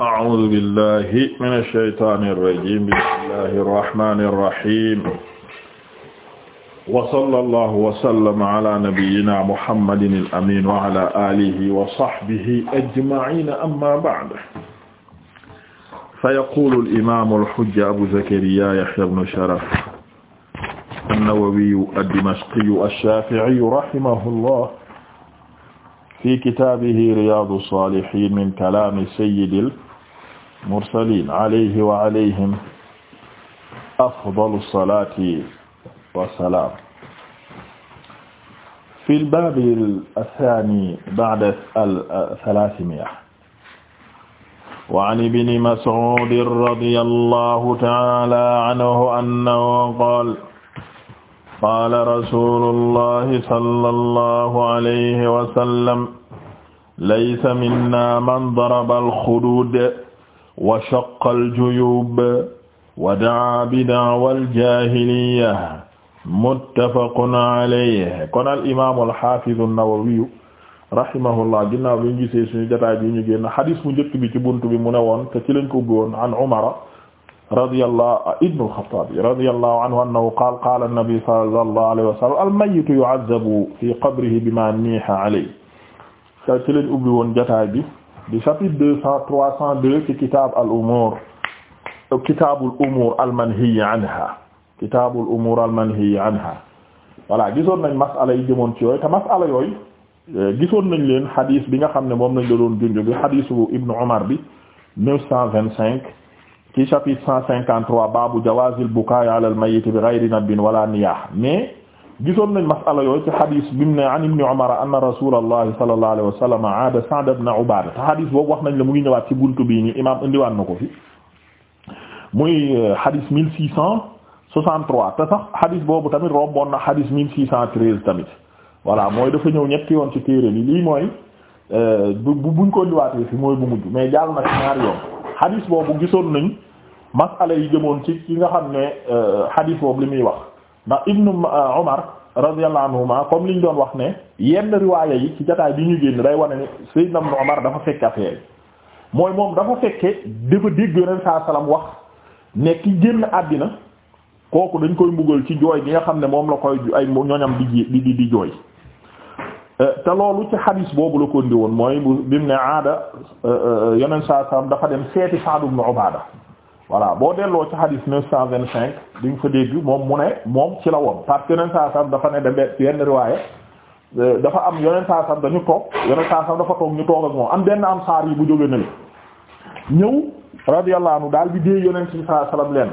أعوذ بالله من الشيطان الرجيم بسم الله الرحمن الرحيم وصلى الله وسلم على نبينا محمد الأمين وعلى آله وصحبه أجمعين أما بعد فيقول الإمام الحجة أبو زكريا يحيى بن شرف النووي الدمشقي الشافعي رحمه الله في كتابه رياض الصالحين من كلام سيد mursaliin alayhi wa alayhim afdalu salaati wa salaam. fil baabil asaani ba'da al-salaasimiya. wa an ibni Mas'uud radiyallaahu ta'aalaa anhu annahu qaala qaala rasuulullaahi sallallaahu alayhi wa sallam laysa minnaa man daraba al-xuduud wa shaqqa al-juyuub wa da'aa bi da'wal jaahiliyya muttafaqun alayhi kon al imaam al haafiz an-Nawawi rahimahullah ginnaaw bi ñu gisee suñu jotaay bi ñu génn xadis mu njëkk bi ci bunt bi mu ne woon te ci lañ ko ubbi woon an Umar radiyallahu ibn al-Khattab radiyallahu anhu annahu qaala qaala an-nabi sallallahu alayhi wa sallam al-mayyitu yu'azzabu fi qabrihi bima niha alayhi te ci lañ ubbi woon jotaay bi du chapitre deux cent trois cent deux ci kitaab al umur kitaabul umur al manhiyi anha kitaabul umur al manhiyi anha voilà gisoon nañ masala yi jëmoon ci yooyu te masala yooyu euh, gisoon nañ leen xadis bi nga xam ne moom nañ la doon junj bi xadisu ibnu Umar bi neuf cent vingt cinq ci chapitre cent cinquante trois baabu jawaazil al mayyit bi ghayri nabin wala niyaax mais gisoon nañ masala yooyu ci xadis bi mu ne an ibni umara anna rasulallahi sallallahu alayhi wa sallam aada Sa'd ibn Ubaada te xadis boobu wax nañ la mu ngi ñëwaat ci buntu bii nii imaam indiwaat na ko fi muy euh, xadis mille six cent soixante-trois te sax xadis boobu tamit romboon na xadis mille six cent treize tamit voilà mooy dafa ñëw ñetti yoon ci téere bi lii mooy euh, bu buñ ko indiwaatee fi mooy bu mujj mais jàll na ci yoon xadis boobu gisoon nañ masala yi jëmoon ci ki nga xam ne euh, xadis boobu muy wax ndax ibnu radiyallahu anhuma comme li ñu doon wax ne yenn riwaaya yi ci jotaay bi ñu génn day wane ne sayyidna ibn Umar dafa fekk affaire mooy moom dafa fekke dafa dégg yoneen saa salaam wax ne ki génn àddina kooku dañ koy mbugal ci jooy bi nga xam ne moom la koy ay ñoñam di di di jooy euh, te loolu ci xadiis boobu la ko indi mooy bi mu ne aada yoneen saa salaam dafa dem seeti Sa'd ibn Ubaada voilà boo delloo ci hadis neuf cent vingt cinq di nga fa dégg moom mu ne moom ci la woon parce que yeneen saa sam dafa ne dabe yenn riwaaye euh, dafa am yeneen saa sam dañu toog yeneen dafa toog ñu toog ak moom am benn am saar yi bu jóge na li ñëw radiyallahu anhu daal bi dee yeneen si saa sallam lenn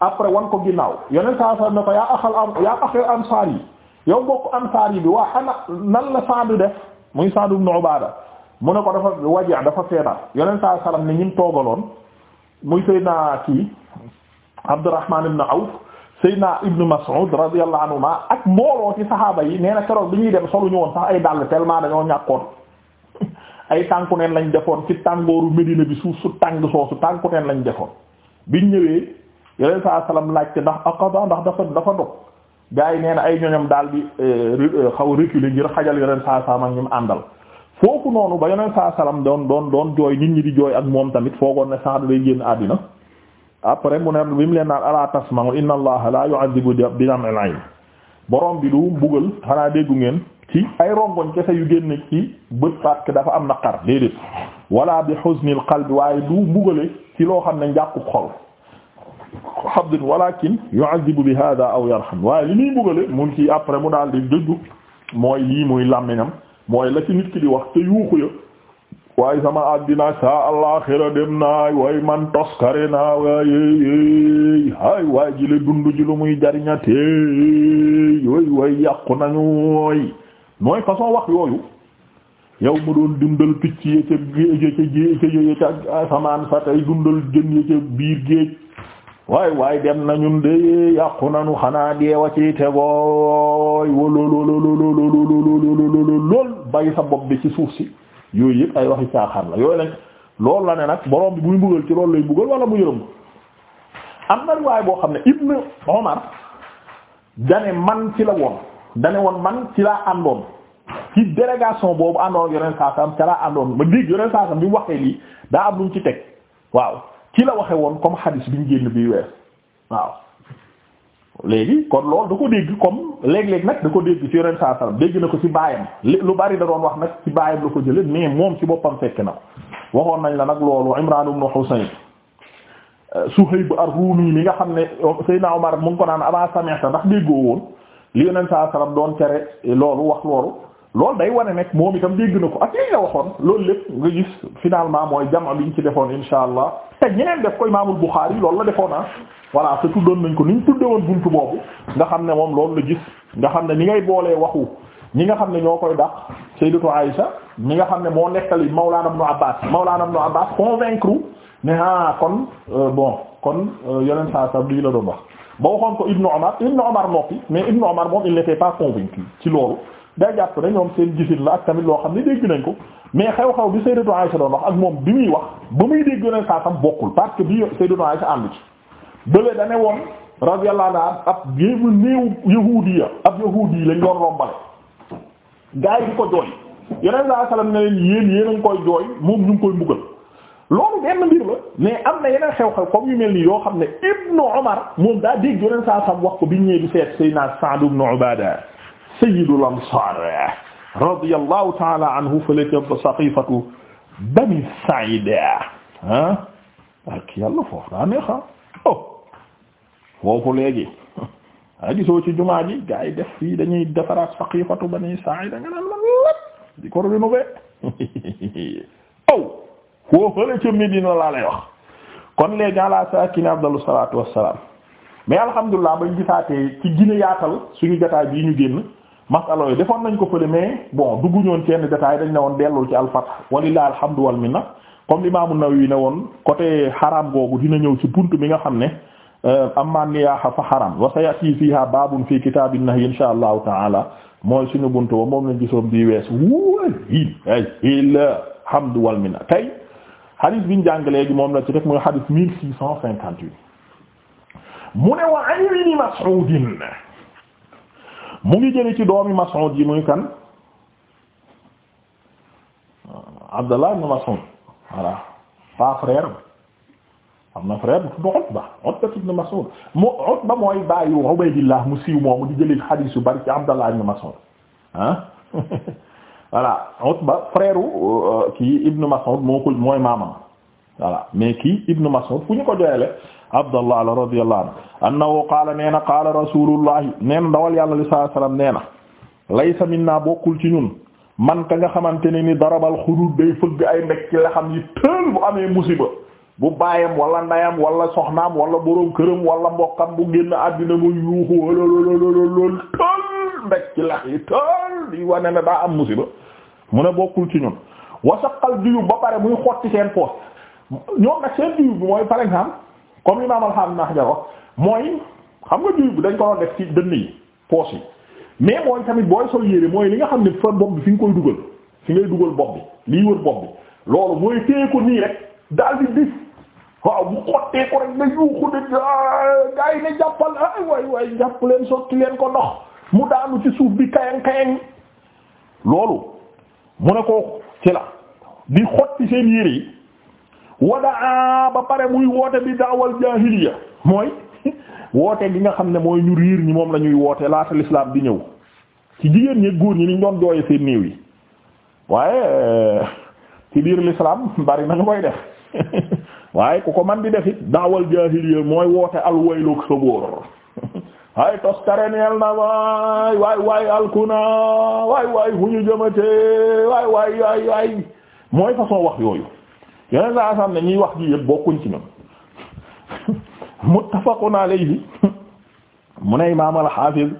après wan ko ginnaaw yeneen saa sallam ne ko yaa axal am yaa axal am saar yi yow bokk am saar yi bi waa ana nan la Saadu def muy Saadu ibn Ubaada mu ne ko dafa wajeex dafa yeneen saa sallam ne ñim toogaloon muy Seydina kii Abdurrahman ibn Awf Seydina Ibn Mas'ud radiyallahu anhuma ak mbooloo ci saxaaba yi nee na keroog bi ñuy dem solu ñu woon sax ay dàll tellement dañoo ñàkkoon ay tànku neen lañ defoon ci tàngooru Medina bi suuf su tàng soosu tànku neen lañ defoon biñ ñëwee yeneen saa salaam laajte ndax aqada ndax dafa dafa dog gars yi nee na ay ñoñam daal di eh, eh, xaw a reculer xajal yeneen saa salaam ak ñu àndal. foofu noonu ba yoneen saa salaam doon doon doon jooy nit ñi di jooy ak moom tamit foogoon ne Saad day génn àddina après mu ne bi mu leen naan ala tasma'u inna allaha la yu'adhibu bi dam'il ayn borom bi du mbugal xanaa déggu ngeen ci ay rongoñ kese yu génn ci bët parce que dafa am na naqar déedéet wala bi huznil qalbi waaye du mbugale ci loo xam ne njàkkub xol habdin walakin yu'adhibu bi hadha aw yarham waaye li muy mbugale mu ci après mu daal di jëju mooy lii muy làmmiñam mooy la ci nit ki di wax te yuuxu ya waaye sama àddina sa àllaxira dem naay way man toskare naa waaye hay waay ji le dund ji lu muy jariñatee yooyu way yàqu nañooy mooy façon wax yooyu yow mu doon dundal picc ya ca géej ca géej sa tey dundal jën ya biir géej waaye waaye dem na ñun de yàqu nañu xanaa deewa ci tegooy lool bay sa bopp bi ci suuf si yooyu yëpp ay waxi caaxaan la yooyu lañ loolu la ne nag borom bi buy mbugal ci loolu lay mbugal wala mu yërëm am na riwaay boo xam ne Ibn Omar dane man ci la woon dane woon man ci laa àndoon ci délégation boobu àndoon ak yeneen saasam ca laa àndoon ma dégg yeneen saasam bi mu waxee lii daa am luñ ci teg waaw ci la waxe woon comme xadis bi ñu génn bi wees waaw léegi kon loolu da ko dégg comme léeg-léeg nag da ko dégg ci yoneen saa sallam dégg na ko ci baayam lu bari da doon wax nag ci baayam la ko jële mais moom ci boppam fekk na ko waxoon nañ la nag loolu Imran ibn Husayn bu ar-Rumi mi nga xam ne Seydina Omar mu ngi ko naan aba sa ndax déggoo woon li yoneen saa sallam doon tere loolu wax loolu loolu day wane nag moom itam dégg na ko ak li nga waxoon loolu lépp nga gis finalement mooy jamono bi ñu ci defoon insha allah te ñeneen def ko imaamul Buxaari loolu la defoon ah voilà te tuddoon nañ ko ni ñu tuddewoon buntu boobu nga xam ne moom loolu la gis nga xam ne ni ngay boolee waxu ñi nga xam ne ñoo koy dàq Sayyidatu Aïsha ñi nga xam ne moo nekkali Mawlana Ibn Abbas Mawlana Ibn Abbas convaincre ne ah kon euh, bon kon euh, yeneen saa sa bii la doon wax ba waxoon ko Ibn Omar Ibn Omar mais Ibn Omar moom il n'était pas convaincu ci loolu daa jàpp ne ñoom seen gisin la ak tamit loo xam ne dégg nañ ko mais xew-xew bi Sayyidatu Aisha doon wax ak moom bi muy wax ba muy dégg na saa tam bokkul parce que bi Sayyidatu Aisha ànd ci bële dane woon radiyallahu anha ab géebu néew yahuudiya ab yahuudi lañ doon rombale gaa bi ko jooy yeneen saa sallam ne leen yéen yéen a ngi koy jooy moom ñu ngi koy mbugal loolu benn mbir la mais am na yeneen xew-xew comme yu mel nii yoo xam ne Ibnu Umar moom daa saa sam wax ko bi ñëwee di seet Sayyidina Sa'd ibn sayyidul ansaar radiyallahu ta'ala anhu fële ca saqifatu bani sa'ida ah barki yàlla foofu daa ah. oh, foofu léegi a ah, gisoo ci jumaa ji gaa def fii dañuy defaraat saqifatu bani sa'ida nga naan lan lépp di ko rénové aw oh, ca Médina laa lay wax kon léegi ala saakini afdalu salaatu wassalaam mais alhamdulilah bañ gisaatee ci gine yaatal suñu jotaay bii ñu génn masala yooyu defoon nañ ko fële mais bon dugg ñoon kenn détail dañ ne woon dellul ci alfath walilah alhamdu wal minna comme maamu an yi ne woon côté xaram googu dina ñëw ci bunt bi nga xam ne euh, amma niyaaha fa xaram fii sayati fiha babun fi kitabin nahy insha allahu taala mooy suñu bunt ba moom lañ gisoon bii wees wai ay alhamdu wal minna tey hadith biñ jàng léegi moom la ci rek mooy hadith 1658 mu ne wa an Ibn Mas'ud mu ngi jële ci doomi Mas'ud yi muy kan Abdallah ibn Mas'ud voilà pas frère am na frère bu tudd Utba Utba ibn Mas'ud mu Utba mooy baayu Ubaydillah mu siiw moomu di jëlee xadiis yu bari ci Abdallah ibn Mas'ud ah voilà Utba frère euh, kii Ibn Mas'ud moo ko mooy maamam voilà mais kii Ibn Mas'ud fu ñu ko joyele Abdallah la radiyallahu anhu annahu qaala nee na qaala rasulullahi nee na yàlla li saa salaam nee na laysa minna bokkul ci ñun man ka nga xamante ne ni darabal xuduud day fëgg ay mbéj ci la yi tël bu amee musiba bu baayam wala ndayam wala soxnaam wala boroom këram wala mbokkam bu génn àddina mu yuuxu lool tël mbéj lax yi tël di wane ne daa am musiba mu ne bokkul ci ñun wasaqal juyub ba pare muy xotti seen poos ñoom nag seen juyub comme imaam alxaam na xajar wax mooy xam nga juy bu dañ ko doon def ci dënn yi poche yi mais mooy tamit booy sol yére mooy li nga xam ne fa bopp bi fi nga koy dugal fi ngay dugal bopp bi liy ko nii rek daal di dis waaw bu xottee ko ne jàppal ay way way jàpp leen sotti leen ko ndox mu daanu ci suuf bi kayang kayang loolu mu ne ko ci la di xotti seen yére yi wadaa ba pare muy woote bi daawal jaahiliya mooy woote gi nga xam ne mooy ñu riir ñi moom la ñuy woote laata lislaam di ñëw ci jigéen ñi góor ñi niñ doon jooye seen néew yi waaye ci biir lislaam bari nañu mooy def waaye ku ko man di defit daawal jaahiliya mooy woote alwayloog sa bóor ay toskareneel na waay waay waay alkuna waay waay fu ñu jëmatee waay waay waay waay mooy façon wax yooyu yeneen saa saam ne ñuy wax ji yëpp bokkuñ ci ñoom muttafaqun alayhi mu ne imaam al-Hafiz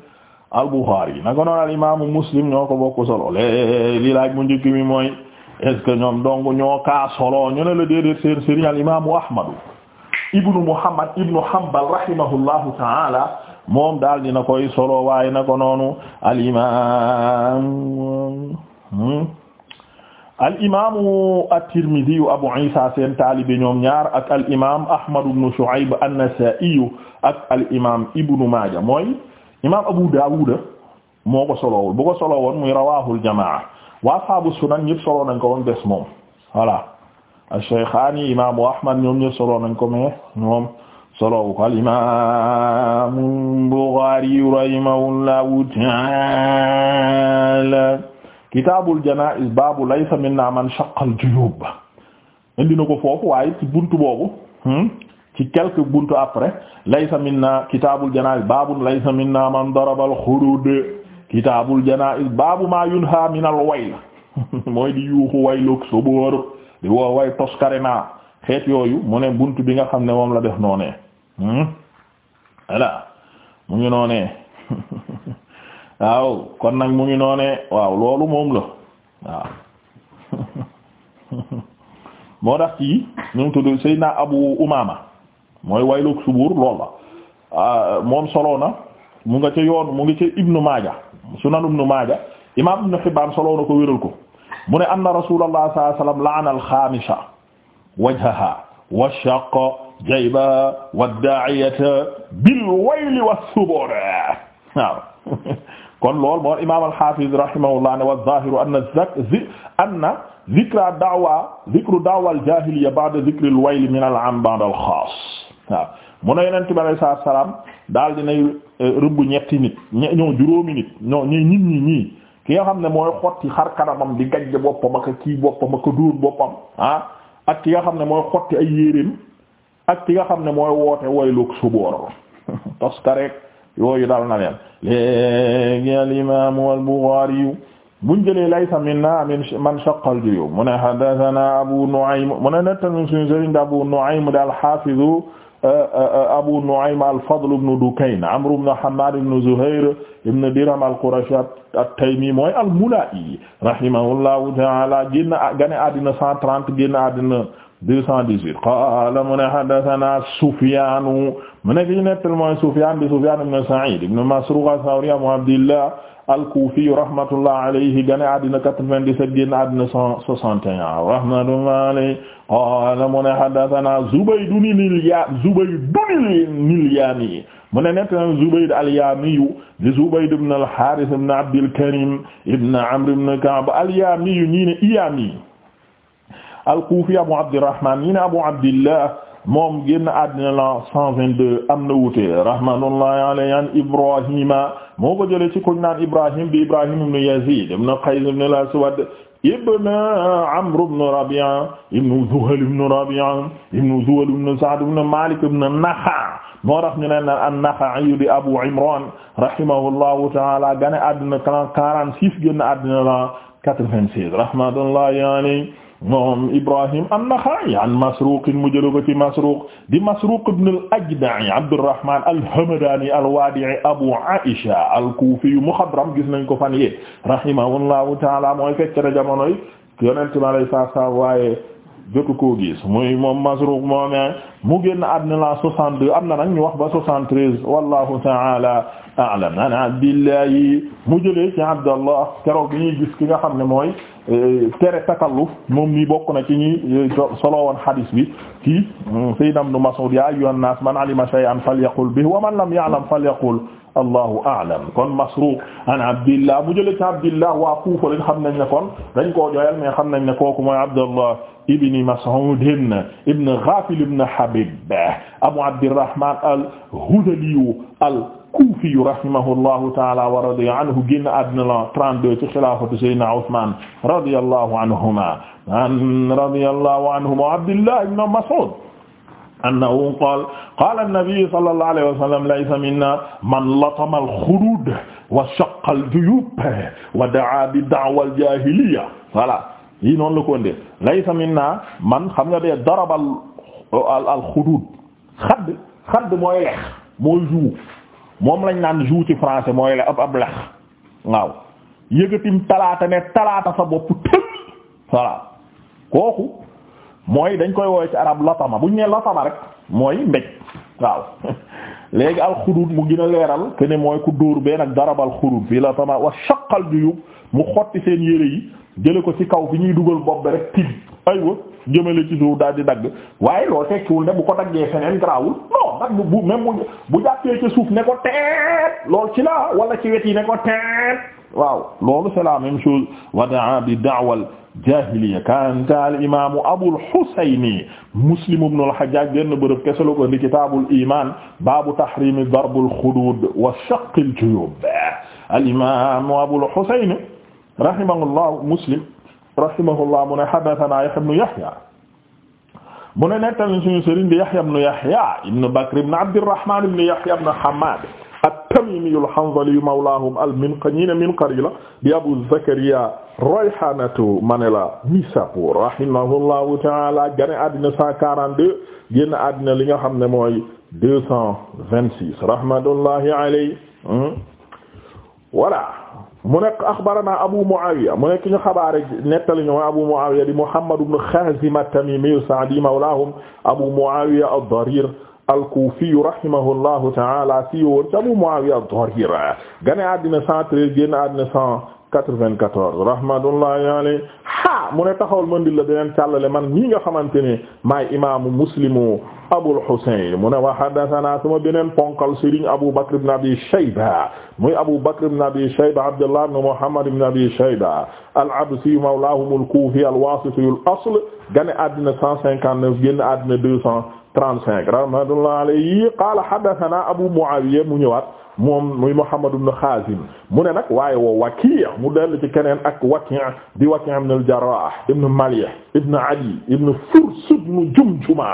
al-Bukhari yi Muslim ñoo ko bokk solo lé li laaj mu njëkk mi mooy est ce que ñoom donc ñoo kaa solo ñu ne la déedéet seen sëriñ al Ahmadu ibnu Muhammad ibnu Hanbal rahimahullahu ta'ala moom daal dina koy solo waaye na noonu al hmm? al imaamu at-Tirmidhi Abu Isa seen taalibe ñoom ñaar ak al Ahmad ibn Shu'ayb an-Nasa'i ak al imaam Maaja mooy imaam Abu Dawud moo ko solowul bu ko solowoon wa ashaabu sunan ñëpp solo nañ ko woon moom voilà ash-Shaykhaani imaamu Ahmad ñoom ñëpp solo nañ kitaabul janaa'iz baabu laysa minna man shaqqal juyuub indi na ko foofu waaye ci buntu boobu hmm, ci quelques buntu après laysa minna kitaabul janaa'iz baabu laysa minna man darabal xuduud kitaabul janaa'iz baabu maa yunhaa minal wayl mooy di yuuxu waylook subuur di woo way xeet yooyu mu ne buntu bi nga xam ne moom la def noonee hmm, voilà mu ngi noonee waaw kon nag mu ngi noone waaw loolu moom la waaw moo tax ci ñu ngi tudd Seydina Abu Umaama mooy wayluk subur lool ah, moom solo na mu nga ca yoon mu ngi ca Ibnu Maaja Sunan Ibnu Maaja imaam Ibnu Hibbaan solo ko wéral ko mu ne an Rasuulullaah sallallaahu alayhi wa sallam la'ana al-xaamisa wajhahaa wa shaqqa bil wayli was kon loolu moo imaam al-Hafiz rahimahullah ne wa zahiru anna zak zi anna zikra da'wa zikru da'wa al-jahiliya ba'da zikri al-wayl min al-'am ba'da al-khaas waaw mu ne yonent bi alayhi salaatu wa salaam daal dinay eh, rëbb ñetti nit ñoo juróomi nit ñoo ñi nit ñi ñii ki nga xam ne mooy xotti xar kanamam di gajj boppam ak kii boppam ak dóor boppam ah ak ki nga xam ne mooy xotti ay yéreem ak ki nga xam ne mooy woote wayloog subóor tos kareek yooyu dal na leen léegi al imaamu al Buxaari buñ jëlee laysa minna man shaqqa al juyuub mu ne haddasanaa Abu Nu'aym mu ne nettal min suñu sëriñ Abu Nu'aym daal al-Haafiz eh, eh, eh, Abu Nu'aym al-Fadl ibn Dukayn Amr ibn Hammaad ibn Zuhayr ibn Dirham al-Qurashi at-Taymi mooy al-Mulaa'i rahimahullahu ta'aala génn gane àddina 130 génn àddina 218 qaala mu ne haddasanaa Sufyaan mu nekk ñu nettal mooy Sufyaan di Sufyaan ibn Sa'iid ibn Masruuq as-Sawri Abu Abdillah al-Kuufi rahmatullah alayhi gane àddina 97 génn àddina 161 rahmatullah alayhi qaala mu ne haddasanaa Zubayd ibn al-Yaami mu ne nettal Zubayd al-Yaami di Zubayd ibn al-Haaris ibn Abdil Kariim ibn Amr ibn Ka'b al-Yaami ñi ne Iyaami al-Kufi Abu Abdurrahman ñi ne Abu Abdillah moom génn àddina la 122 am na wuute rahmatullahi alayhi an Ibrahima moo ko jëlee ci kuñ naan Ibrahim bi Ibrahim ibn Yazid ibn Qays ibn al-Aswad ibn Amr ibn Rabi'a ibn Zuhal ibn Rabi'a ibn Zuhal ibn Sa'd ibn Malik ibn Nakha' moo tax ñu ne na an-Nakha'i di Abu Imran rahimahullahu ta'ala gane àddina 46 génn àddina la 96 rahmatullahi alayhi moom Ibrahim an-Naxa'i an Masruq mu jël ko ci Masruq di Masruq ibn al-Ajda' Abdurrahman al-Hamdani al-Wadi'i Abu Aisha al-Kufi muxadram gis nañ ko fan yee rahimahullahu ta'ala mooy fekk na jamonoy yonent ma lay saa saa waaye jotu koo gis muy moom Masruq moomee mu génn àddina la 62 am na nag ñu wax ba 73 wallahu ta'ala a'lam an Abdillahi mu jëlee ci Abdallah keroog bi ñuy gis ki nga xam ne mooy. tere takalluf moom mi bokk na ci ñi e, solo woon hadis bi ci mm, sayyidna ibn Mas'ud ya ayyuhan nas man alima shay'an falyaqul bihi wa man lam ya'lam falyaqul allahu a'lam kon Masruq an Abdillah mu jële ci Abdillah waa Kufa lañ xam nañ ne kon dañ koo jooyal mais xam nañ ne kooku mooy Abdullah ibn Mas'ud ibn Ghafil ibn Habib Abu Abdirrahman al-Hudali al al-Kufi rahimahullahu ta'ala wa radiya anhu génn àddina la 32 ci xilaafatu Sayyidina Usman radiyallahu anhuma an radiyallahu anhuma Abdullah ibn Mas'ud annahu qaala qaala an-nabiy sallallahu alayhi wa sallam laysa minna man latama al-khudud wa shaqqa al-juyub wa da'a bi da'wa al-jahiliyya voilà yii noonu la ko wëndeel laysa minna man xam nga de daraba al-khudud xadd xadd mooy lex mooy juu moom lañ naan jour ci français mooy la ab ab lex waaw yëgatim talaata ne talaata sa bopp tël voilà kooku mooy dañ koy woowee ci arab latama buñ ne latama rek mooy mbéj waaw léegi alxudud mu gën leeral que mooy ku dóor benn ak darabal xudud fii latama wa shaqal juyub mu xotti seen yére yi jële ko ci kaw fi ñuy dugal bopp bi rek tib aywa jëmale ci suuf daal di dagg waaye loolu tekkiwul ne bu ko daggee feneen garaawul non dagg bu même bu bu jàppee ci suuf ne ko teet loolu ci la wala ci wet yi ne ko teet waaw loolu c'est la même chose wadaa bi daawal jahiliya kanta al imamu abul husayni muslim ibn al hajjaj benn bërëb keselo ko ndi kitabul iman babu tahrimi darbul khudud wa shaqqil juyub al imamu abul husayni rahimahullahu muslim rahimahullah mu ne haddathana Yahya ibn Yahya mu ne nettali suñu sëriñ bi Yahya ibn Yahya ibn Bakr ibn Abdirrahman ibn Yahya ibn Hammad at-Tamimi al-Hanzali mawlahum al-Minqani Minqari la di Abu Zakariya Rayhanatu Manela Nisapur rahimahullahu ta'ala gane àddina 142 génn àddina li nga xam ne mooy 226 rahmatullahi alayhi hmm? voilà mu nekk axbarana Abu Muawiya mu nekk ñu xabaare nettali ñu Abu Muawiya di Muhammad ibn Khazim at-Tamimi as-Sa'di mawlahum Abu Muawiya ad-Darir al-Kufi rahimahullahu ta'ala si woon ci Abu Muawiya ad-Darir gane àddina 113 génn àddina 194 rahmatullahi alayhi ha mu ne taxawal mën di la beneen càllale man ñi nga xamante ne maay imaamu Muslimu Abul Husayn mu ne wa haddathana sama beneen ponkal Serigne Abu Bakr ibn Abi Shayba muy Abu Bakr ibn Abi Shayba Abdullah ibn Muhammad ibn Abi Shayba al-Absi mawlahum al-Kufi al-Wasiti al-asl gane àddina 159 génn àddina 235 rahmatullah alayhi qala haddathana Abu Muawiya mu ñëwaat moom muy Muhammad ibn Khazim mu ne nag waaye woo Waki' mu dellu ci keneen ak Waki' di Waki' ibn al-Jarrah ibn Malih ibn Ali ibn Furs ibn Jumjuma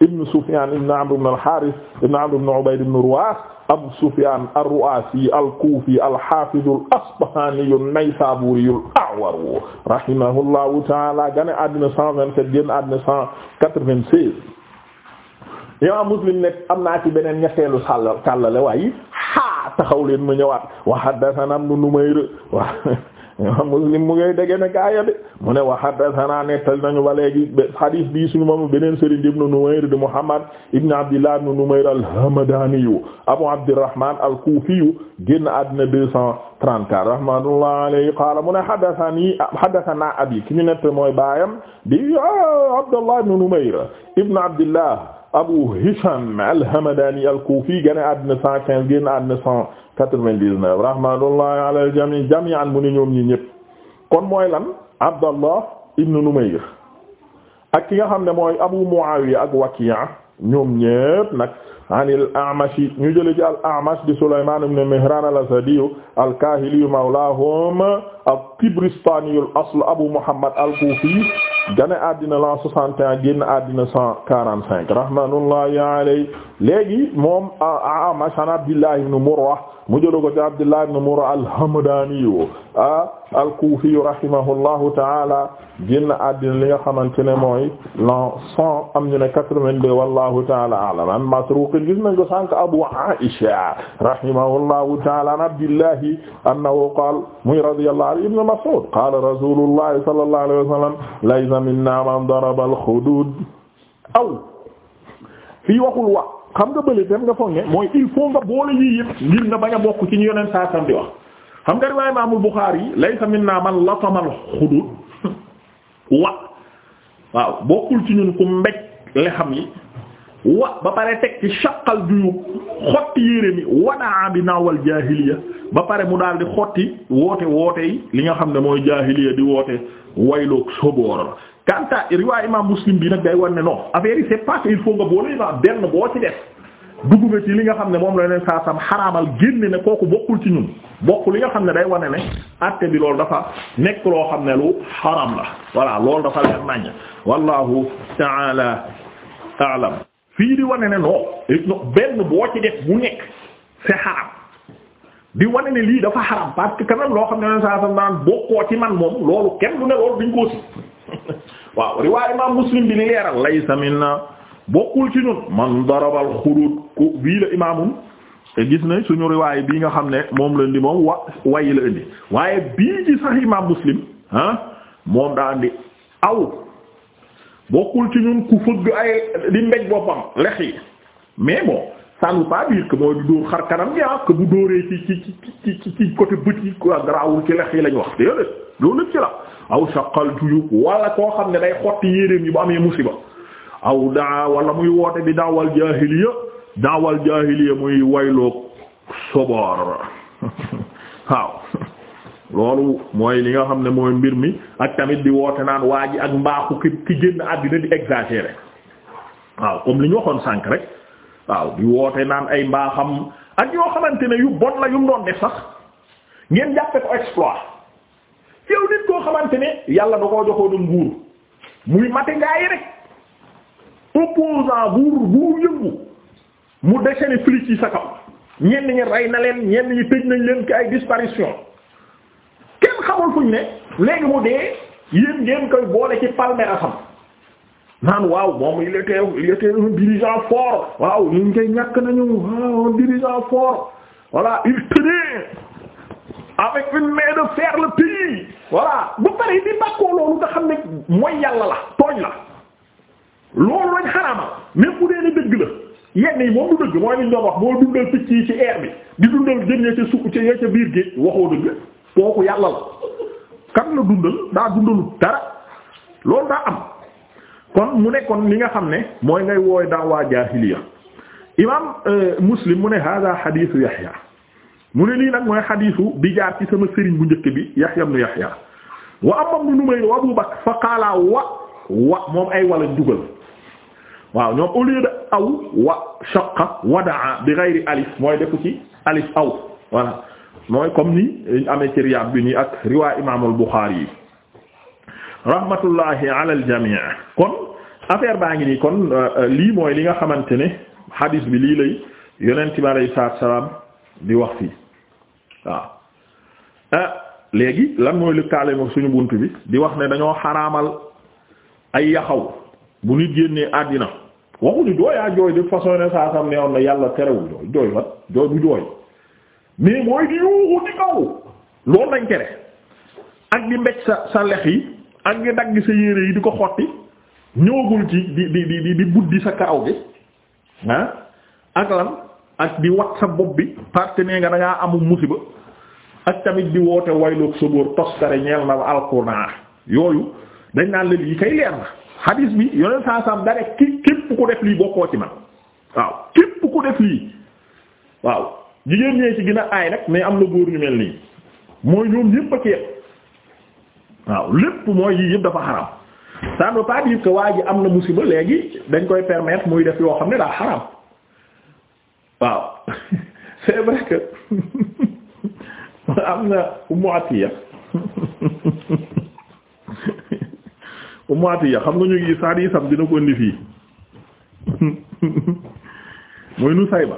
ibn Sufyaan ibn Amr ibn al-Haaris ibn Amr ibn Ubayd ibn Ruwaas Abu Sufyaan ar-Ru'aasi al-Kuufi al-Haafiz al-Asbahaani an-Naysaabuuri al-A'war rahimahullahu ta'aala gane àddina 127 génn àddina 196. Imaam Muslim ne am naa ci beneen ñetteelu sàll kàllale waaye taxaw leen ma ñëwaat wa haddathanaa Ibn Numayr imam Muslim mu ngay dégg ne de mu ne wa a nettal nañu ba léegi hadis bi suñu moom beneen sëriñ ibn Numayr de Muhammad ibn Abdillah ibn Numayr al-Hamdani Abu Abdirrahman al-Kufi génn àddina deux cent trente-quatre rahmatullah alayhi qaala mu ki ñu mooy baayam di ah, Abdullah ibn Numayr ibn Abdillah Abu Hisham al-Hamdani al-Kufi génn àddina cent quinze génn àddina cent 99 rahmatullahi ala al-jami jami'an mu ni ñoom kon mooy lan Abdallah ibn Numayr ak ki nga xam ne mooy Abu Muawiya ak Waki' ñoom ñëpp nag an al-A'mash ñu jële ci al-A'mash di Sulayman ibn Mihran al-Asadi al-Kahili mawlahum al-Kibristani al-asl Abu Muhammad al-Kufi gane àddina la 61 génn àddina 145 rahmatullahi alayhi léegi moom Amash an Abdullah ibn Murra mu jël ko ci Abdullah ibn Murra al-Hamdani al-Kufi rahimahullahu ta'ala génn àddina li nga xamante ne mooy l'an 100 am ñu ne 82 wallahu ta'ala a'lam an Masruq gis nañ ko sànq Abu Aisha rahimahullahu ta'ala an Abdullah annahu qala muy radiyallahu anhu ibn Mas'ud qala rasulullah sallallahu alayhi wa sallam laysa minna man daraba al-xuduud aw fii waxul wa xam nga bële dem nga foog mooy il faut nga boole yii yëpp ngir nga bañ a bokk ci ñu yoneen saa sam wax xam nga riwaay Imaamul Buxaari yi laysa minna man latama al waaw bokkul ci ñun ku mbéj le yi wa ba pare teg ci shaqal juyub xotti yére mi wadaa bi naawal jaahiliya ba pare mu daal di xotti woote woote yi li nga xam ne mooy jaahiliya di woote wayloog soboor kanta riwaay imam muslim bi nag day war ne non affaire yi c'est pas il faut nga boole imam benn boo ci def dugg nga ci li nga xam ne moom la leen saa sam xaraamal génne ne kooku bokkul ci ñun bokk li nga xam ne day wane ne atte bi loolu dafa nekk loo xam ne lu xaram la voilà loolu dafa leer naññ fii di wane ne eh, non benn boo ci def bu nekk c'est haram di wane ne lii dafa haram parce que quand même loo xam ne saa sa naan bokkoo ci man moom loolu kenn du ne loolu duñ ko ci waaw riwaay imaam muslim bi li leeral laysa minna bokkul ci ñun man darabal xuduud ku bii la imaamum te gis na suñu riwaay bii nga xam ne moom la indi moom wa wayi la indi waaye bii ci sax imaam muslim ah moom daa indi aw bokkul ci ñun ku fëgg ay di mbéj boppam lex yi mais bon ça ne veut mooy du dóor xar kanam gi ah bu dóoree ci ci ci ci ci côté bët yi quoi garaawul ci lex yi lañ wax déedéet loolu lépp ci la aw saqal tuyu wala koo xam ne day xotti yéreem yi bu amee musiba aw daa wala muy woote bi daawal jaahiliya daawal jaahiliya muy wayloo soboor waaw loolu mooy li nga xam ne mooy mbir mi ak tamit di woote naan waa ji ak mbaaxu ki ki génn àddina di exagérer waaw comme li ñu waxoon sànq rek waaw di woote naan ay mbaaxam ak yoo xamante ne yu bon la yu mu doon sax ngeen jàppe ko exploit yow nit koo xamante ne yàlla da koo joxoon nguur muy mate gaa yi rek opposant buur buur yëngu mu déchaîner flics yi sa kaw ñenn ñi rey na leen ñenn ñi tëj nañ leen ki ay disparition xamul fuñ ne léegi mu dee yéen ngeen koy boole ci palmarèsam naan waaw moom il était il était un dirigeant fort waaw ñu ngi koy ñàkk nañu waaw un dirigeant fort voilà il tenait avec une main fer le pays voilà bu pare di bàkkoo loolu nga xam ne mooy yàlla la tooñ la loolu lañ xaraama même bu dee ne dëgg la yenn yi moom du dëgg mooy liñ doon wax boo dundal picc yi ci air bi di dundal jën ya ca suuf ca ya ca biir gi waxoo dëgg kooku yàlla la kan la dundal daa dundalu dara loolu daa am kon mu nekkoon li nga xam ne mooy ngay wooy daawaa jaahiliya imaam euh, muslim mu ne hada xadiisu yaxya mu ne lii nag mooy xadiisu bi jaar ci sama sëriñ bu njëkk bi yaxya ibnu yaxya wa amma ibnu numayr wa abu bakr fa qaala wa wa moom ay walla dugal waaw ñoom au lieu de aw wa shaqa wadaa bi gayri alif mooy defu ci alif aw voilà mooy comme ni ñu amee ci Riyaad bi nii ak riwaa imaamul Buxaari yi rahmatullahi ala jamii kon affaire baa ngi nii kon euh, lii mooy li nga xamante ne hadis bi lii lay yonent bi alayhi salaatu salaam di wax fii waaw euh, léegi lan mooy lëkkaale moom suñu bunt bi di wax ne dañoo xaraamal ay yaxaw bu nit génnee àddina waxuñu jooyaa ah, jooy de façon ne saa sam neewoon na yàlla terewul jooy jooy wat jooy bu jooy mais mooy di yuuxu di kaw loolu lañ tere ak di mbéj sa sa lex yi ak di dagg sa yére yi di ko xotti ñëwagul ci di di di di buddi sa karaw bi ah ak lan ak di wat sa bopp bi parce que nee nga da amul musiba ak tamit di woote wayloog sa boor toskare ñeel na alxuraan yooyu dañ naan la lii kay leer na hadis bi yoneen saa saam dare képp ku def lii bokkoo ci man waaw képp ku def lii waaw jigéen ñee ci gën a aay nag mais am na góor ñu mel nii mooy ñoom ñépp a ceeb waaw lépp mooy yii yëpp dafa xaram ça ne veut pas dire que waa am na musiba léegi dañ koy permettre muy def yoo xam ne daa xaram waaw c'est vrai am na Ummu Atiya Ummu Atiya xam nga ñu ngi saar yi sam dina ko indi fii mooy nu sayba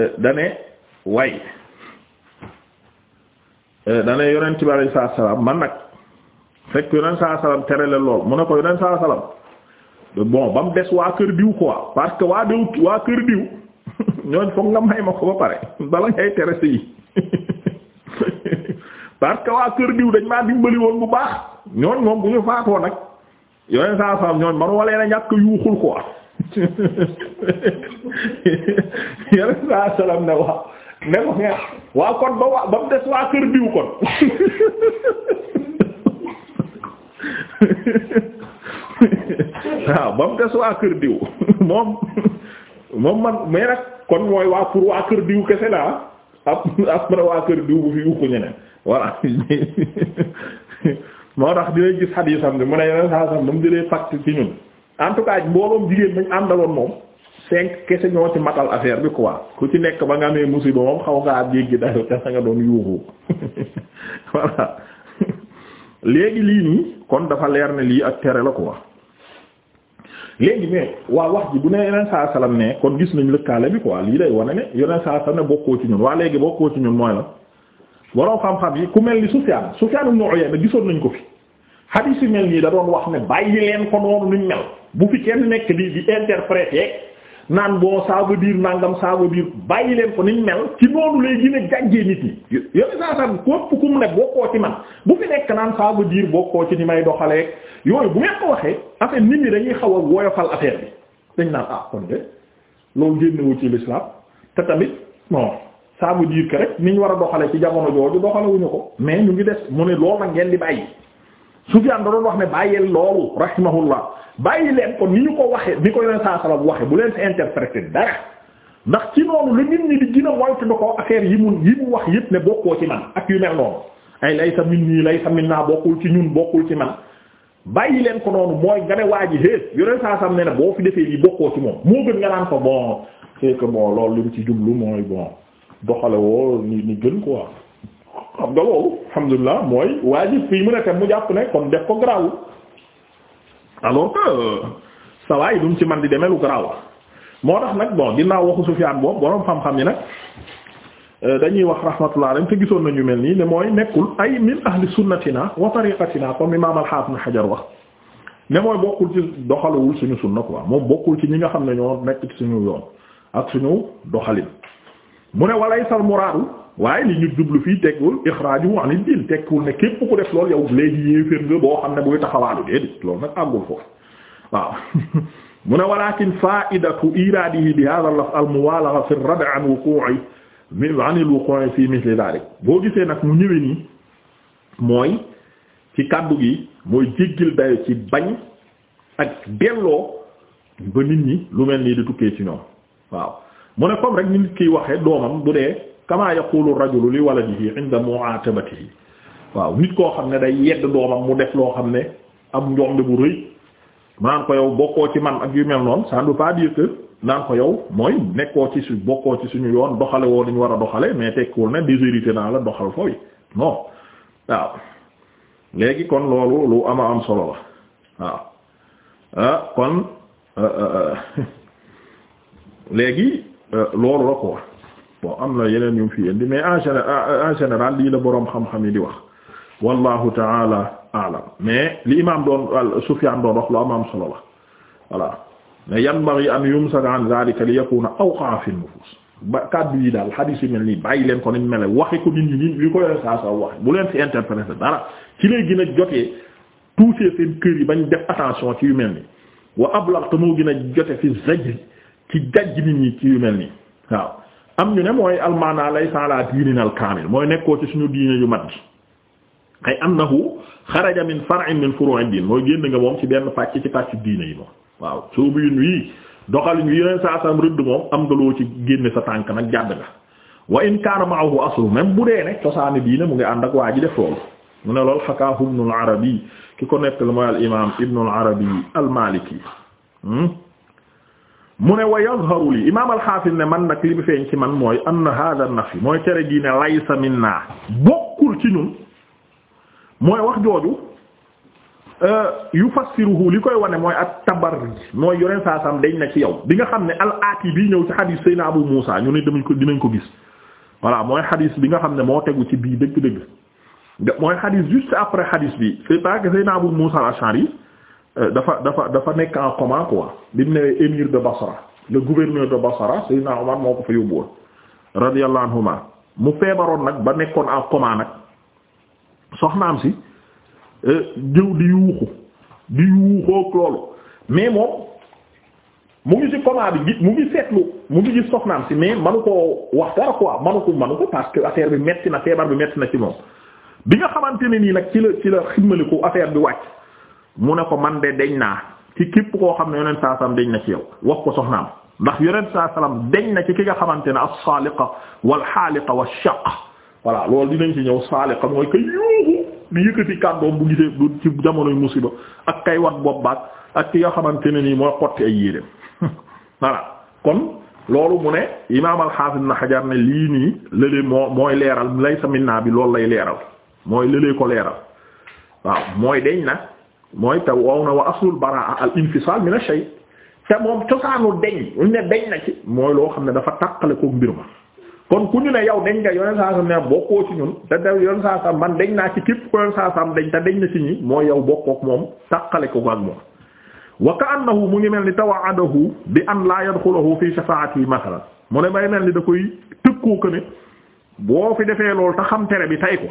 Euh, dane way euh, dane yonent bi alayhi salaatu salaam man nag fekk yonent salaatu salaam tere leen lool mu ne ko yonent salaatu salaam bon ba mu des waa kër diw quoi parce que waa diw waa kër diw ñooñ foog nga may ma ko ba pare bala ngay tere si parce que waa kër diw dañ maa dimbali woon bu baax ñooñ moom bu ñu faatoo nag yonent salaatu salaam ñooñ man walee na ñàkk yuuxul quoi yàlla naa salaam ne waaw ne ko ngeen waaw kon ba waa ba mu des waa kër diw kon waaw ba mu des waa kër diw moom moom man mais nag kon mooy waa pour waa kër diw kese la ah après waa kër diw bu fi yuuxu ñeneen voilà moo tax dinañ gis xadiisam bi mu ne yeneen saa sax mu jëlee pacte ci ñun. en tout cas mbooloom jigéen mañ àndaloon moom cinq kese ñoo ci matal affaire bi quoi ku ci nekk ba nga amee musiba moom xaw ngaa jéggi dayo te sa nga doon yuuxu voilà léegi lii nii kon dafa leer ne lii ak tere la quoi léegi mais waa wax ji bu ne yeneen saa salaam ne kon gis nañu lëkkaale bi quoi lii day wane ne yeneen saa salaam ne bokkoo ci ñun waa léegi bokkoo ci ñun mooy la waroo xam-xam yi ku mel ni Sufyaan Sufyaan ibn Uyayna gisoon nañ ko fi hadith ne bàyyi bu fi kenn nekk di di interpréter naan bon ça veut dire nangam ça veut dire bàyyi leen ko niñ mel ci noonu lay gën a jàngee nit ñi yooyu saa saa képp ku mu ne bokkoo ci ci ni may doxalee yooyu bu ngeen ko waxee affaire nit ñi dañuy xaw a woyofal affaire bi dañ naan ah kon de loolu génnewu ci l'islam te tamit non ça veut dire que rek niñ war a doxale ci jamono jooju doxalewuñu ko mais ñu ngi des mu ne loolu nag ngeen di bàyyi Sufyaan da doon wax ne bàyyeel loolu rahimahullah bàyyi leen ko ni ñu ko waxee ni ko yeneen saa salaam waxee bu leen si interpréter dara ndax ci noonu la nit ñi di gën a ko affaire yi mu yi mu wax yépp ne bokkoo ci man ak yu mel noonu ay laysa minnii laysa minnaa bokkul ci ñun bokkul ci man bàyyi leen ko noonu mooy nga ne waa ji hé yeneen saa salaam ne ne boo fi defee lii bokkoo ci moom moo gën nga naan ko bon c'est que bon loolu mu ci jublu mooy bon doxale woo ni ni gën quoi xam nga loolu alhamdulilah mooy waa ji fii mu ne tam mu jàpp ne kon def ko garaawul alors que euh, sawaay du mu ci man di demelu lu moo tax nag boo ginnaaw waxu Sufyaan boobu borom xam-xam yi nag euh, dañuy wax rahmatullah dañ te gisoon nañu mel nii ne mooy nekkul ay min ahli sunnatina wa tariqatina comme imaam al-Hafiz Hajar wax ne mooy bokkul ci doxalawul suñu sunna quoi moom bokkul ci ñi nga xam ne ñoo nekk ci suñu yoon ak suñu doxalin mu ne walaysa al waaye li ñu jublu fii tekkul ixraaju anil diin tekkul ne képp ku def lool yow léegi yéeféer nga boo xam ne buy taxawaalu déedéet loolu nag àggul foofu waaw mu ne walakin faidatu iradihi bi hadha al-lafz al-mubalagha fi ar-rad' an wuqu'i an al fi mithli dhalik boo gisee nag mu ñëwee nii mooy ci kàddu gi mooy jéggil dayo ci bañ ak delloo ba nit ñi lu mel nii di tukkee ci ñoom waaw mu ne comme rek ni nit kiy waxee doomam bu dee kama yaqulu rajulu li waladihi inda mu'atabatihi waaw nit koo xam ne day yedd doomam mu def loo xam ne am njombe bu rëy naan ko yow bokkoo ci man ak yu mel noonu ça ne veut pas dire naan ko yow mooy nekkoo ci su bokkoo ci suñu yoon doxale woo li war a doxale mais tekkiwul ne déshérité naa la doxal fooy non waaw léegi kon loolu lu am a am solo la waaw ah, kon euh, euh, euh, léegi loolu la ko bon am na yeneen ñu fi indi mais en général en général lii la boroom xam-xam yi di wax wallahu taala alam mais li imam doon Sufyaan doon wax lu am am solo la voilà mais yanbaghi an yumsaka an zalika li yakuna awqa'a fi nufus ba kàddu yi daal xadiis yi mel nii bàyyi leen ko ni mele waxe ko nit ñi li ko saa saa waxe bu leen fi interpréter dara ci lay gën a jotee toucher seen kër yi bañ def attention yu mel nii wa ablaq te moo gën fi zajri ci jajj nit ñi ci yu mel nii waaw am ñu ne mooy almaana laysa ala diininal kaamil mooy nekkoo ci suñu diine yu mat ji ay annahu xaraja min far'in min furu'i diin mooy génn nga moom ci benn pàcc ci pàcc diine yi moom waaw soo buyin wii doxalin wi yeneen saa sam rëdd moom am nga loo ci génne sa tànk nag jàdd nga wa in kaana ma'ahu aslu même bu dee ne cosaani diine mu ngi ànd ak waa ji def loolu mu ne loolu xakaahu ibnu al ki ko nekk la mooy al imaam ibnu al arabi mu ne wa yazharu lii imaam alxaafis ne man nag li bi feeñ ci man mooy ann hada nafi mooy tere gi ne laysa minna bokkul ci ñun mooy wax jooju euh, yufassiruhu li koy wane mooy at tabarruj mooy yoneen saa sam dañ na ci yow bi nga xam ne al aati bii ñëw ci xadiis sayna abu muusa ñu ne damañ ko dinañ ko gis voilà mooy xadiis bi nga xam ne moo tegu ci bii dëgg-dëgg mooy xadiis juste après xadiis bi c'est pas que sayna abu muusa al ashari Euh, dafa dafa dafa nekk en commun quoi bi mu newee de Basra le gouverneur de Basra Seydina Omar moo ko fa yóbbu woon radiyallahu anhuma mu feebaroon nag ba nekkoon en commun nag soxnaam si euh, jëw di yuuxu di yuuxoo loolu mais moom mu ngi ci commun bi mu ngi seetlu mu ngi gis soxnaam si mais manu ko wax dara quoi manu ko manu ko parce que affaire bi metti na feebar bi metti na ci moom bi nga xamante ne nii nag ci la ci la ximmaliku affaire bi wàcc mu ne ko man de deñ naa ci képp koo xam ne yonent saa salaam na ci yow wax ko soxnaam ndax yonent saa salaam deñ na ci ki nga xamante ne as-saaliqa wal xaaliqa wa shaqa voilà loolu dinañ ci ñëw saaliqa mooy kay yuuxu di yëkkati kàddoom bu gisee du ci jamonoy musiba ak kay wat bopp baat ak ki nga xamante ne nii mooy xotti ay yéreem voilà kon loolu mu ne imaam al-Hafiz Ibn Hajar ne lii nii lële moo mooy leeral laysa minna bi lool lay leeral mooy lëlee ko leeral waaw mooy deñ na. mooy te wow na wa aslul baraa al infisal min ash-shay te moom cosaanu deñ ñu ne deñ na ci mooy loo xam ne dafa tàqale ko mbir ma kon ku ñu ne yow deñ nga yoneen saa ne bokkoo ci ñun te de man deñ naa ci képp ko yoneen saa sam deñ te deñ na ci ñi mooy yow bokkook moom tàqale ko ak moom wa ka annahu mu ngi mel ni tawaadahu bi an la yadxuluhu fi shafaati yi masalan mu ne may mel ni da koy tëkkoo ko ne boo fi defee loolu te xam tere bi tay ko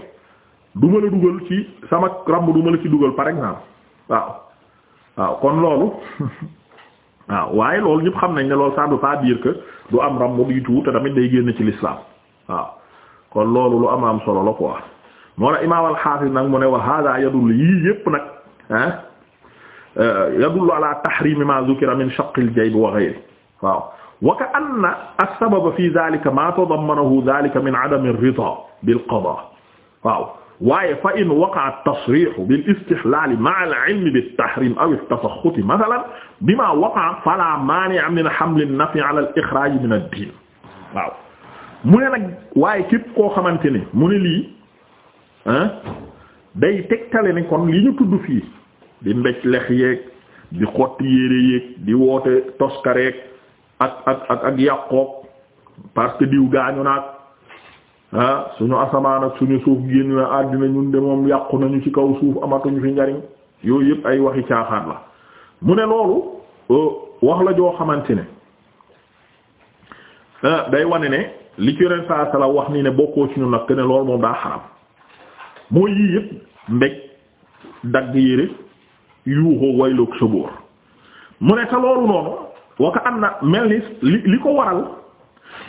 duma la dugal ci sama ramb duma la ci dugal par exemple waaw waaw kon loolu waaw waaye loolu ñëpp xam nañ ne loolu ça veut pas dire que du am ram du tout te tamit day génn ci l'islam waaw kon loolu lu am am solo la quoi moo la imaam al-Hafiz nag mu ne wa hada yadullu yii yëpp nag ah yadullu ala tahrimi ma zukira min shaqqil jayb wa ghayri waaw wa ka anna as-sababa fi dhalika ma tadammanahu dhalika min adami ar-rida bil qada waaw waaye fa in waqa'a tasrixu bil istihlali ma'a al ilmi bit tahrim aw at tafakhut mathalan bima waqa'a fala mani'a min hamli an nafi ala al min ad mu ne nag waaye képp koo xamante ne mu lii day tegtale ne kon li ñu tudd fii di mbéj lex yeeg di xotti yére di woote toskareeg ak ak ak ak yàqoog parce que diw gaañu ah suñu asamaan ak suñu suuf génn na àddina ñun de moom yàqu nañu ci kaw suuf amatuñu fi njariñ yooyu yëpp ay waxi caaxaan la mu ne loolu euh, wax la joo xamante ne euh, day wane ne li ci ren sala wax ni ne bokkoo ci ñun nag te ne loolu moom daa xaram mooy yii yëpp mbéj dagg yére yuuxoo wayloog sa boor mu ne te loolu noonu waka am na mel ni li li ko waral.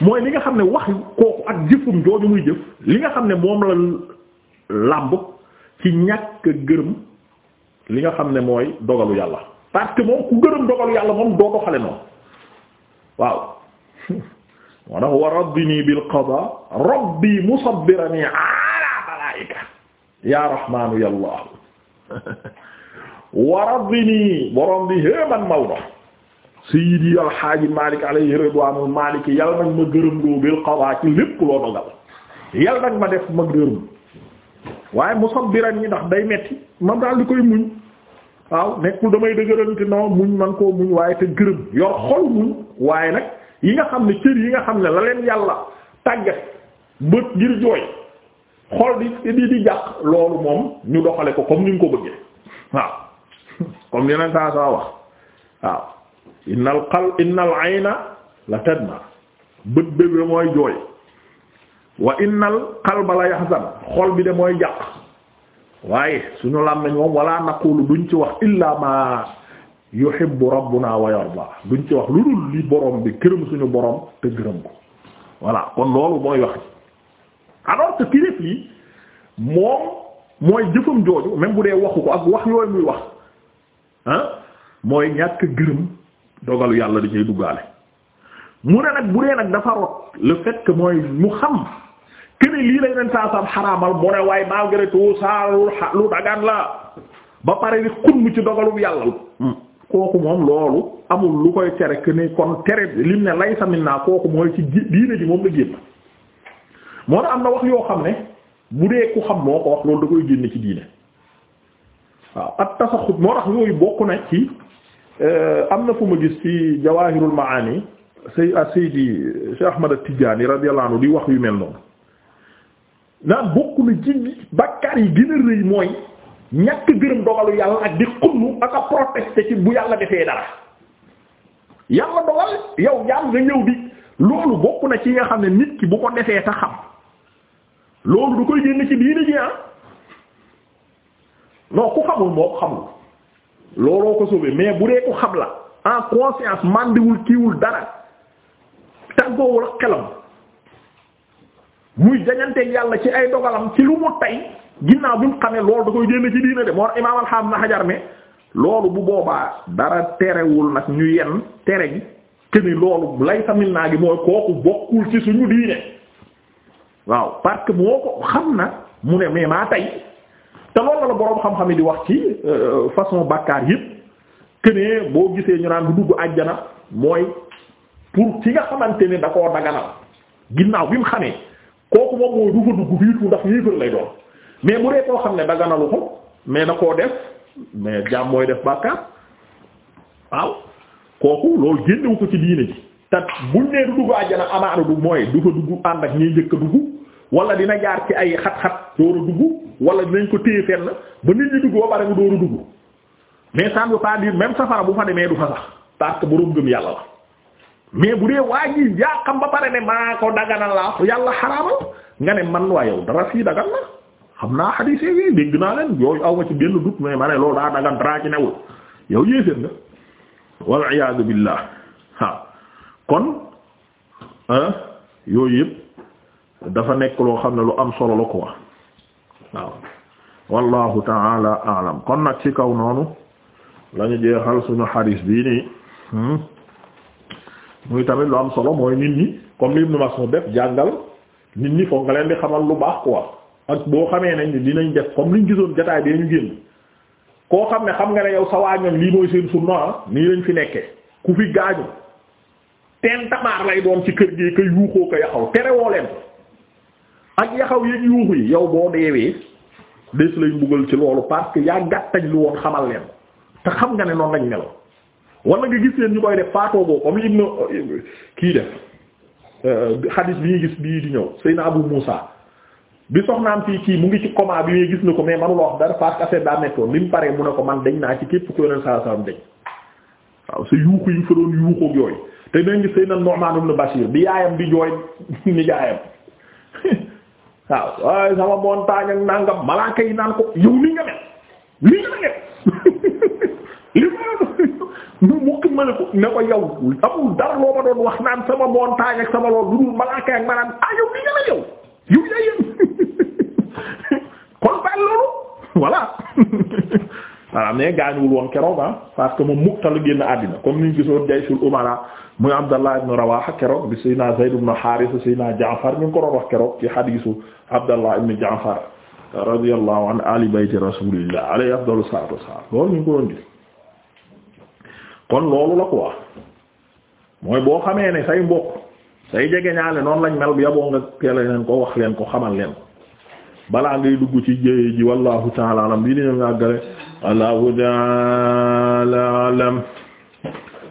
mooy li nga xam ne wax kooku ak jëfum jooju muy jëf li nga xam ne moom la làmb ci ñàkk gërëm li nga xam ne mooy dogalu yàlla parce que moom ku gërëm dogalu yàlla moom doo ko xale noonu waaw moo tax wa rabbini bil qada rabbi musabbirani ala malaika ya rahmanu ya allah wa rabbini borom bi héeman mawdo sayyidi alxaaji Malik alayhi ridwaanul Malik yal nag ma gërëm loo bil qadaa ci lépp loo dogal yal nag ma def ma gërëm waaye musabbiran ñi ndax day metti ma daal di koy muñ waaw man koo muñ waaye te gërëm yor xol muñ waaye nag yi nga xam ne cër yi nga xam ne la leen yàlla tàggat bët ngir jooy xol di di di jàq loolu moom ñu doxale ko comme ni nga ko bëggee waaw comme yeneen saa saa wax waaw innal xal innal ayna la tadma bët bët bi mooy jooy wa innal qalba la yahzan xol bi de mooy jàq waaye suñu làmmiñ moom wala naqulu duñ ci wax illa ma yuhibbu rabbuna wa yarda duñ ci wax lu dul li borom bi gërëm suñu borom te gërëm ko voilà kon loolu mooy wax alors que ki def moom mooy jëfam jooju même bu dee waxu ko ak wax yooyu muy wax ah mooy ñàkk gërëm dogalu yàlla dañuy duggaale mu ne nag bu dee nag dafa rot le fait que mooy mu xam que ne lii lay leen saa saam xaraamal mu ne waaye malgré tout ça lu dagan la ba pare di xunn ci dogalu yàlla hmm. kooku moom loolu amul lu koy tere que ne kon tere lim ne lay samin naa kooku mooy ci diine ji moom la génn moo tax am na wax yoo xam ne bu dee ku xam moo ko wax loolu da koy génne ci diine waaw at tasaxut moo tax yooyu bokk na ci Euh, am na fu ma gis ci Jawaahirul Maani say ah, Seydi euh, Cheikh Ahmad At-Tijaani radiyallahu anhu di wax yu mel noonu naan bokk na ci bakkaar yi gën a rëy mooy ñàkk gërëm dogalu yàlla ak di xunnu ak a protester ci bu yàlla defee dara yàlla dogal yow jaam nga ñëw di loolu bokk na ci nga xam ne nit ki bu ko defee ta xam loolu du koy génn ci diine ji ah non ku xamul moo xamul. looloo ko sauvé mais bu dee ko xam la en conscience màndiwul kiiwul dara tàggoowul ak xelam muy jañanteeg yàlla ci ay dogalam ci lu mu tey ginnaaw bi mu xamee loolu da koy génne ci diina de moo imaam alxaam na xajar ne loolu bu boobaa dara terewul nag ñu yenn tere gi ke ni loolu lay samil naa gi mooy kooku bokkul ci suñu diine waaw parce que moo ko xam na mu ne mais maa tey te loolu la boroom xam-xam yi di wax ci euh, façon bàkkaar yëpp que ne boo gisee ñu naan du dugg àjjana mooy pour ci nga xamante ni da koo daganal ginnaaw bi mu xamee kooku moom mooy du fa dugg fiitu ndax yéefar lay doon mais bu dee koo xam ne daganalu ko mais da koo def mais jaam mooy def bàkkaar waaw kooku loolu génnewu ko ci diine ji te buñ nee du dugg àjjana amaana du mooy du fa dugg ànd ak ñiy njëkk a dugg wala dina jaar ci ay xat-xat wala dinañ ko téye fenn ba nit ñi dugg ba pare mu dooru dugg mais ça ne veut pas dire même safara bu fa demee du fa sax parce que borom yàlla la mais bu dee waa ji yaa xam ba pare ne maa ko daganal la yàlla xaraamal nga ne man waa yow dara fii dagan na xam naa xadiis yi dégg naa leen aw ma ci ma ne loolu daa dagan dara ci newul yow yéeséen nga wal iyaadu billah waaw kon ah, yooyu yëpp dafa nekk loo xam ne lu am solo la wax waaw wallahu taala alam kon nag ci kaw noonu lañu jeexal suñu xadis bii nii hmm? muy tamit lu am solo mooy nit ñi comme li Ibn Mas'ud def jàngal nit ñi foog nga leen di xamal lu baax quoi ak boo xamee nañ dinañ def comme liñ gisoon jotaay bee ñu génn koo xam ne xam nga ne yow sa waa lii mooy seen sunna ah nii lañ fi nekke ku fi gaañu teen tabaar lay doon ci kër gi ka yuuxoo ka yaxaw terewoo leen ak yaxaw yëg yuuxu yi yow boo deewee des lay mbugal ci loolu parce que yaa gàttañ lu woon xamal leen te xam nga ne noon lañ melo wala nga gis leen ñu koy def faatoo boobu comme ibnu kii def xadis euh, bi ñuy gis bii di ñëw naa Abu Muusa bi soxnaam fii kii mu ngi ci coma bi muy gis na ko mais manula wax dara parce que affaire daa nekkoon li mu mu ne ko man dañ naa ci képp ku yoneen saa salam dañ waaw sa yuuxu yi nga fa doon te nañ ngi Seydina Nu'man bi yaayam waaw waaye sama montagne ak nangam malaaka yi naan ko yow ni nga mel li nga mel li mu mukki male ko ne ko yow amul dara loo ma doon wax naan sama montagne ak sama lool lu dul malaaka ak maanaam ah yow ni nga mel yow yow yaa yem kon baal loolu voilà voilà mais gaañuwul woon keroog ah parce que moom mukk la génn àddina comme ni ñu gisoon jaysul umara muy Abdallah ibn Rawaha keroog bi Seydina Zayd ibn Haarisa Seydina Jaafar ñu ngi wax keroog ci hadiisu Abdallah ibn Jaafar radiyallahu an ali bayti rasulillah alayhi afdalu salaatu wassalaam ñu kon loolu la mooy boo xamee ne say mbokk say jegeñaale noonu lañ mel bu yaboo nga teel ko wax leen ko xaman leen balaa ngay dugg ci jéye ji wallahu ta'ala alam bii di ñëw nga àggale allahu ta'ala